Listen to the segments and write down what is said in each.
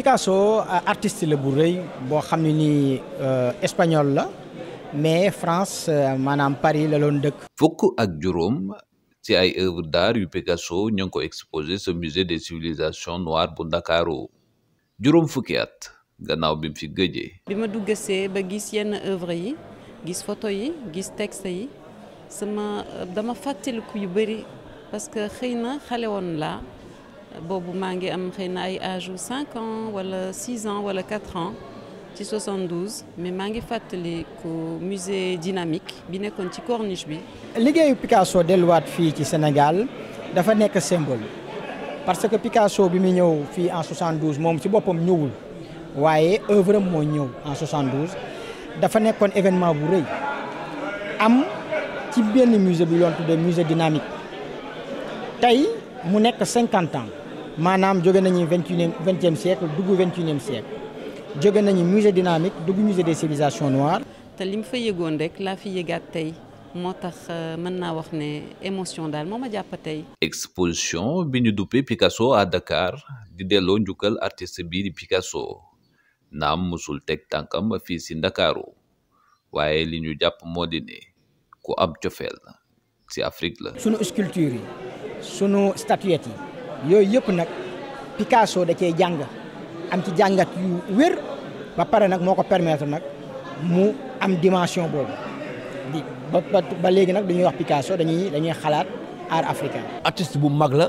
Picasso euh, artiste le bu bo xamni ni ne euh, espagnol la mais France euh, manam Paris la doon deuk fuk ak juróom ci ay œuvre d'art yu Picasso ñu ko exposé ce musée des civilisations noires bu Ndakaaru juróom fukki at gannaaw bi fi gëjee. bima ma duggasee ba gis yenn œuvre yi gis photo yi gis texte yi sama dama ku yu bari parce que xeyna na xale woon laa bobu mangi am xeyna ay âge 5 ans wala 6 ans wala 4 ans ci 72 mais mangi ngi ko musée dynamique bi nekkon ci corniche bi. liggéeyu Picasso delluwaat fii ci Sénégal dafa nekk symbole parce que Picasso bi mi ñëw fii en 72 moom ci boppam ñëwul waaye œuvre am moo ñëw en 72 dafa nekkoon événement bu rëy am ci benn musée bi loon tudde musée dynamique tey mu nekk 50 ans maanaam jóge nañu vingt 20e siècle dugg 21 e siècle jóge nañu musée dynamique dugg musée des civilisations noires. té lim fa yëgoon rek la fi yëgaat tay motax euh, mën na wax né émotion dal moma ma tay exposition bi ñu Picasso à Dakar di delloo ñukal artiste bi di Picasso naam musul tek tankam fi ci Ndakaaru waaye li ñu japp moo di ne ku am cofeel ci Afrique la. suñu sculpture yi statuette. yi. yooyu yëpp nag Picasso da cee jàng am ci jàngat yu wér ba pare nag moo ko permettre nag mu am dimension boobu di ba ba léegi nag dañuy wax Picasso dañuy dañuy xalaat art africain. artiste bu mag la.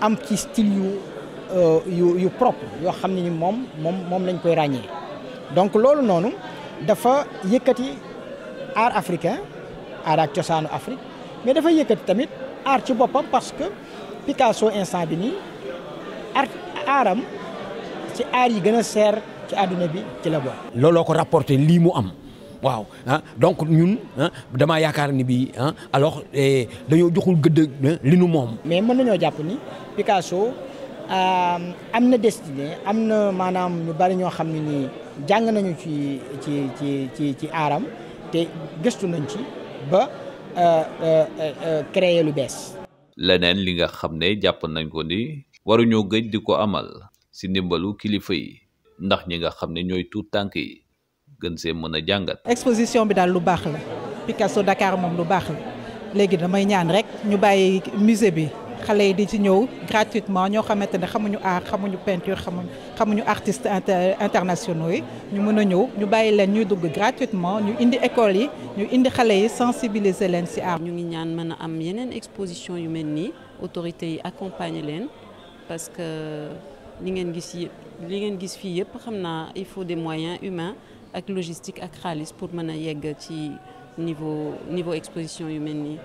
am ci style yu euh, yu yu propre yoo xam ne ni moom moom moom lañ koy ràññee donc loolu noonu dafa yëkkati art africain art ak cosaanu Afrique mais dafa yëkkati tamit art ci boppam parce que Picasso instant bi nii art aaram ci art yi gën a seer ci àdduna bi ci la bokk. looloo ko rapporté lii mu am. waaw ah, donc ñun ah, dama yaakaar ni bii ah alors eh, dañoo joxul gëdd ah, li nu moom. mais mën nañoo jàpp ni Picasso euh, am na destinée am na maanaam ñu bari ñoo xam ne nii jàng nañu ci ci ci ci aaram te gëstu nañ ci ba euh, euh, créer lu bees. leneen li nga xam ne jàpp nañ ko ni. waruñoo gëj di ko amal si ndimbalu kilifa yi ndax ñi nga xam ne ñooy tuut tànk yi. gën see mën a exposition bi daal lu baax la Picasso Dakar moom lu baax la léegi damay ñaan rek ñu bàyyi musée bi xale yi di ci ñëw gratuitement ñoo xamante ne xamuñu art xamuñu peinture xamuñu artistes internationaux yi ñu mën a ñëw ñu bàyyi leen ñuy dugg gratuitement ñu indi école yi ñu indi xale yi sensibiliser leen ci art. ñu ngi ñaan mën a am yeneen exposition yu mel nii autorités yi accompagner leen parce que li ngeen gis yëpp li ngeen gis fii yëpp xam il faut des moyens humains la logistique avec xaalis pour mener a ci niveau niveau exposition humaine.